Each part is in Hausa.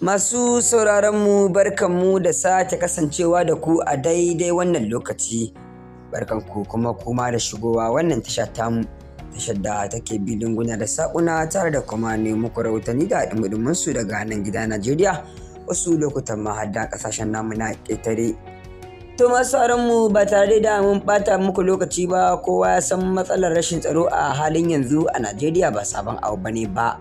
Masu sauraronmu barkanmu da sake kasancewa da ku a daidai wannan lokaci. Barkanku kuma kuma da shigowa wannan tasha tamu, tashar da take bilin guna da sa'una tare da kuma ne muku rahotanni da ɗumuɗumin su daga nan gida Najeriya wasu lokutan ma har da ƙasashen namu na ƙetare. To masu mu ba tare da mun ɓata muku lokaci ba kowa ya san matsalar rashin tsaro a halin yanzu a Najeriya ba sabon abu bane ba.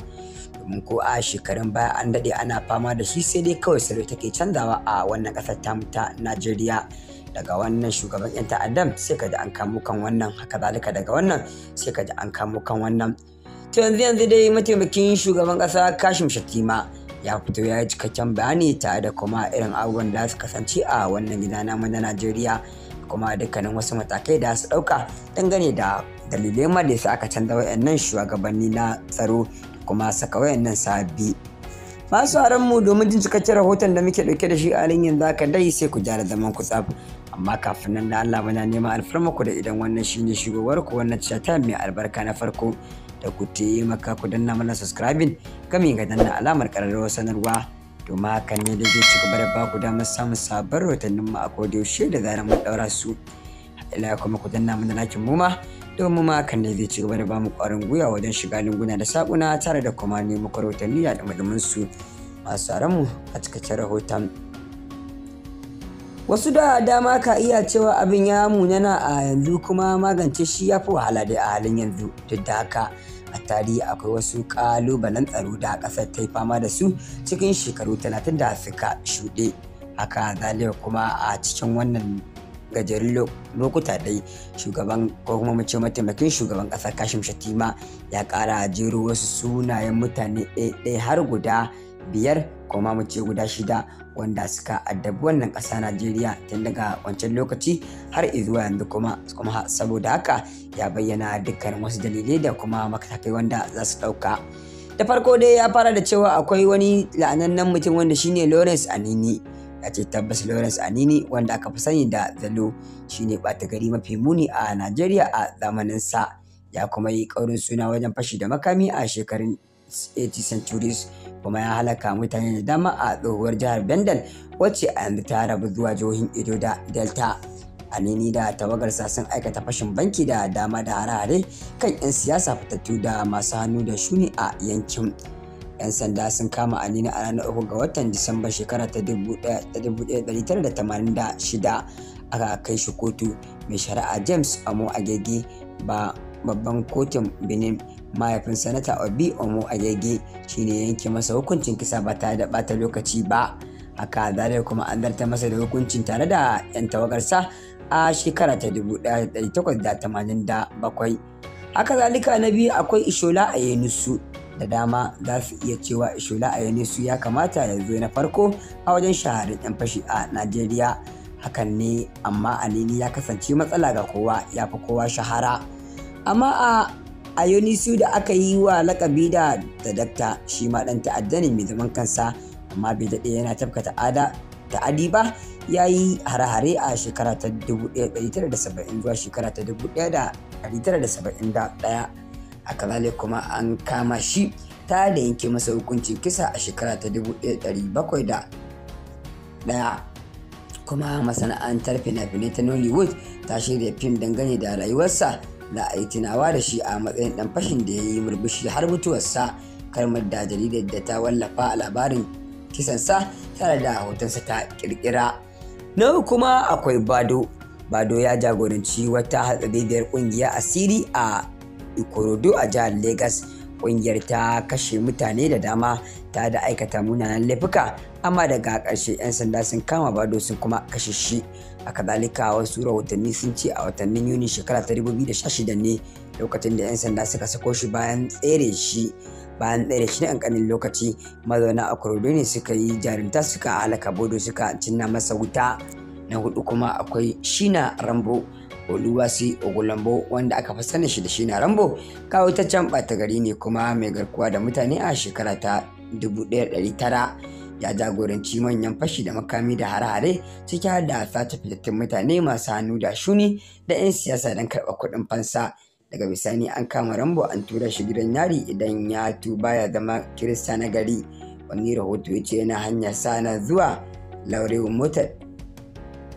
domin ko a shekarun baya an daɗe ana fama da shi sai dai kawai salo take canzawa a wannan ƙasar tamu ta najeriya daga wannan shugaban 'yan ta'addan sai ka ji an kamo kan wannan haka zalika daga wannan sai ka ji an kamo kan wannan to yanzu yanzu dai mataimakin shugaban ƙasa kashim shatima ya fito ya yi cikakken bayani tare da kuma irin abubuwan da su kasance a wannan gida na na najeriya kuma dukkanin wasu matakai da su ɗauka dangane da dalilai ma da yasa aka canza wa'annan shugabanni na tsaro kuma saka wayannan sabbi masu aron mu domin jin cikakken rahoton da muke ɗauke da shi a halin yanzu haka dai sai ku jara zaman ku tsaf amma kafin nan da Allah bana neman alfarma ku da idan wannan shine shigowar ku wannan chat mai albarka na farko da ku taimaka ku danna mana subscribing kamin ga danna alamar ƙararrawar sanarwa ma hakan ne da zai ci gaba da ba ku damar samun sabon rahotannin mu a kodiyo da zarar mun daura su ila kuma ku danna mana nakin mu ma domin ma kan ne zai ci gaba da ba mu ƙwarin gwiwa wajen shiga lunguna da saƙuna tare da kuma nemo rahotanni a ɗumɗumin su masu mu a cikakken rahoton. Wasu da dama ka iya cewa abin ya munana a yanzu kuma magance shi ya fi wahala dai a halin yanzu duk da haka. a tarihi akwai wasu kalubalen tsaro da ƙasar ta yi fama da su cikin shekaru talatin da suka shuɗe haka zalewa kuma a cikin wannan gajerun lokuta dai shugaban ko kuma mu ce mataimakin shugaban kasa kashim shatima ya kara jero wasu sunayen mutane ɗaya har guda biyar kuma mu ce guda shida wanda suka addabi wannan ƙasa najeriya tun daga wancan lokaci har zuwa yanzu kuma kuma saboda haka ya bayyana dukkan wasu dalilai da kuma makatakai wanda za su ɗauka da farko dai ya fara da cewa akwai wani la'anannen mutum wanda shine lawrence anini a ce tabbas lawrence anini wanda aka fi sani da zalo shine bata gari mafi muni a najeriya a zamanin sa ya kuma yi ƙaurin suna wajen fashi da makami a shekarun 80 centuries kuma ya halaka mutane da dama a tsohuwar jihar bendel wacce a yanzu ta rabu zuwa jihohin edo da delta anini da tawagarsa sun aikata fashin banki da dama da hare-hare kan 'yan siyasa fitattu da masu hannu da shuni a yankin 'yan sanda sun kama Amina a ranar uku ga watan Disamba shekara ta 1986 aka kai shi kotu mai shari'a James omo Agege ba babban kotun Benin mahaifin sanata Obi Omo Agege shine yanke masa hukuncin kisa ba tare da bata lokaci ba haka zarar kuma an zarta masa da hukuncin tare da 'yan tawagarsa a shekara ta 1887 haka zalika na biyu akwai ishola a yenusu da dama za su iya cewa Ishola a Ayanesu ya kamata ya zo na farko a wajen shaharin 'yan fashi a Najeriya. Hakan ne amma nini ya kasance matsala ga kowa ya fi kowa shahara. Amma a a Ayonisu da aka yi wa lakabi da dakta shi ma dan ta'adda ne mai zaman kansa amma bai daɗe yana tafka ta'ada ta'adi ba ya yi hare-hare a shekara ta 1970 zuwa shekara ta 1971 a kazalik kuma an kama shi ta da yanke masa hukuncin kisa a shekara ta 1701 kuma masana'antar fina-finai ta nollywood ta shirya fim dangane da rayuwarsa da a yi tunawa da shi a matsayin dan fashin da ya yi murmushi har mutuwarsa kalmar da jaridar da ta wallafa a labarin kisansa tare da hotonsa ta kirkira na kuma akwai bado bado ya jagoranci wata hatsari hatsabibiyar kungiya asiri a ikorodu a jihar Legas, kungiyar ta kashe mutane da dama ta da aikata munanan laifuka amma daga ƙarshe 'yan sanda sun kama bado sun kuma kashe shi a kadalika wasu rahotanni sun ce a watannin yuni shekara ta 2016 ne lokacin da 'yan sanda suka sako shi bayan tsere shi bayan tsere shi na ƙanƙanin lokaci mazauna a kurodo ne suka yi jarinta suka halaka bodo suka cinna masa wuta na hudu kuma akwai shina rambo Oluwasi Ogulambo wanda aka fi sanin shi da shi na Rambo can ɓata gari ne kuma mai garkuwa da mutane a shekara ta 1900 ya jagoranci manyan fashi da makami da hare-hare ciki har da sace fitattun mutane masu hannu da shuni da 'yan siyasa don karɓar kuɗin fansa daga bisani an kama rambo an tura shi gidan yari idan ya tuba ya zama kirista na gari wani rahoto ya ce yana hanyar sa na zuwa laurewa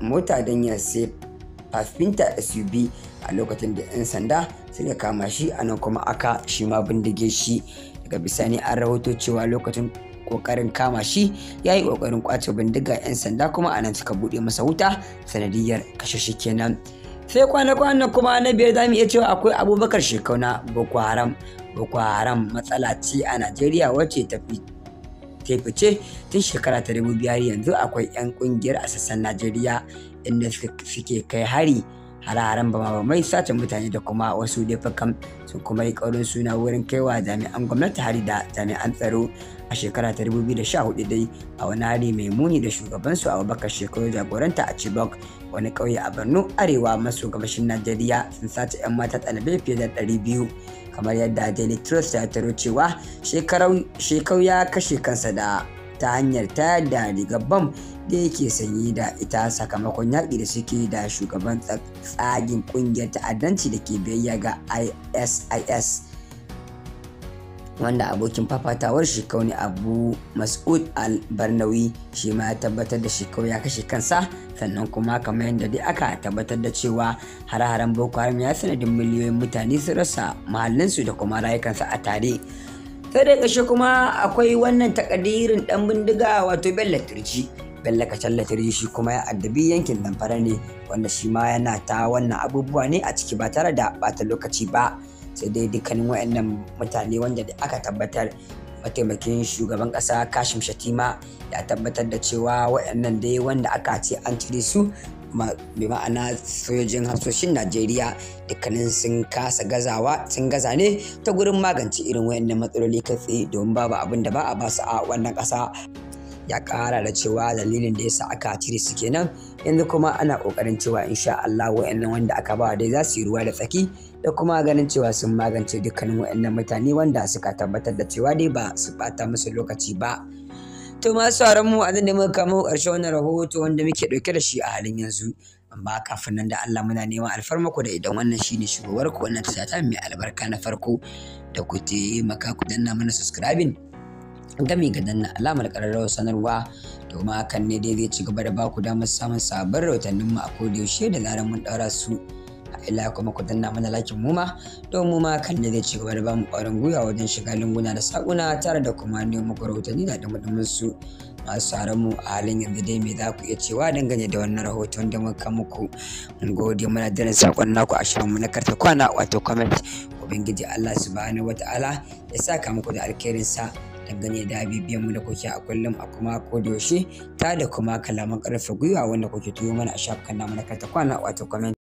mota don ya sai fafinta SUV a lokacin da 'yan sanda suka kama shi a nan kuma aka shi ma bindige shi daga bisani an rahoto cewa lokacin kokarin kama shi ya yi kokarin kwace bindiga 'yan sanda kuma a nan suka buɗe masa wuta sanadiyar kashe shi kenan sai kwana-kwanan kuma na biyar zamu iya cewa akwai abubakar shekau na boko haram boko haram matsala ce a najeriya wacce ta fi ta fice tun shekara ta dubu biyar yanzu akwai 'yan kungiyar a sassan najeriya inda suke kai hari hararen haren ba mai sace mutane da kuma wasu laifukan su kuma yi ƙaurin suna wurin kaiwa jami'an gwamnati hari da jami'an tsaro a shekara ta 2014 dai a wani hari mai muni da shugabansu a wabakar shekaru jagoranta a chibok wani ƙauye a borno arewa maso gabashin najeriya sun sace 'yan mata ɗalibai fiye da 200 kamar yadda daily trust ta taro cewa shekau ya kashe kansa da ta hanyar ta da rigar bam da yake sanyi da ita sakamakon yaƙi da suke da shugaban tsagin ƙungiyar ta'addanci da ke biyayya ga isis wanda abokin fafatawar shi ne abu mas'ud al-barnawi shi ma ya tabbatar da shekau ya kashe kansa sannan kuma kamar yadda dai aka tabbatar da cewa hare-haren boko haram ya sanadin miliyoyin mutane su rasa mahallinsu da kuma rayukansa a tare sai dai ƙarshe kuma akwai wannan takadirin dan bindiga wato bello turci bello kacal latirji shi kuma ya addabi yankin damfara ne wanda shi ma yana ta wannan abubuwa ne a ciki ba tare da bata lokaci ba sai dai dukkanin wayannan mutane wanda aka tabbatar mataimakin shugaban ƙasa kashim shatima ya tabbatar da cewa wayannan dai wanda aka ce an cire su bi ma'ana sojojin hasoshin najeriya dukkanin sun kasa gazawa sun gaza ne ta gurin magance irin wayannan matsaloli kai tsaye domin babu abin da ba a basu a wannan ƙasa. ya kara da cewa dalilin da ya sa aka cire su kenan yanzu kuma ana kokarin cewa insha Allah wa'annan wanda aka ba dai za su yi ruwa da tsaki da kuma ganin cewa sun magance dukkanin wa'annan mutane wanda suka tabbatar da cewa dai ba su bata musu lokaci ba. To sauran mu a nan da muka kamo ƙarshen wannan rahoto wanda muke ɗauke da shi a halin yanzu. amma kafin nan da Allah muna neman alfarmako da idan wannan shine shugabar ku wannan tasha mai albarka na farko da ku taimaka ku danna mana subscribing gami ga danna alamar ƙararrawar sanarwa domin hakan ne dai zai ci gaba da baku damar samun sabon rahotannin mu a kodayaushe da zarar mun daura su a ila kuma ku danna mana lakin muma. ma don mu ma kan ne zai ci gaba da bamu ƙwarin gwiwa wajen shiga lunguna da saƙuna tare da kuma ne muku rahotanni da dumudumin su masu tsaron mu a halin yanzu dai me za ku iya cewa dangane da wannan rahoton da muka muku mun gode mana da saƙon naku a shirin mu na karta kwana wato comment ubangiji Allah subhanahu wataala ya saka muku da alkhairinsa sa dangane da bibiyan mu da kuke a kullum a kuma kodayaushe ta da kuma kalaman karfe gwiwa wanda kuke tuyo mana a shafukan namu na kanta kwana wato comment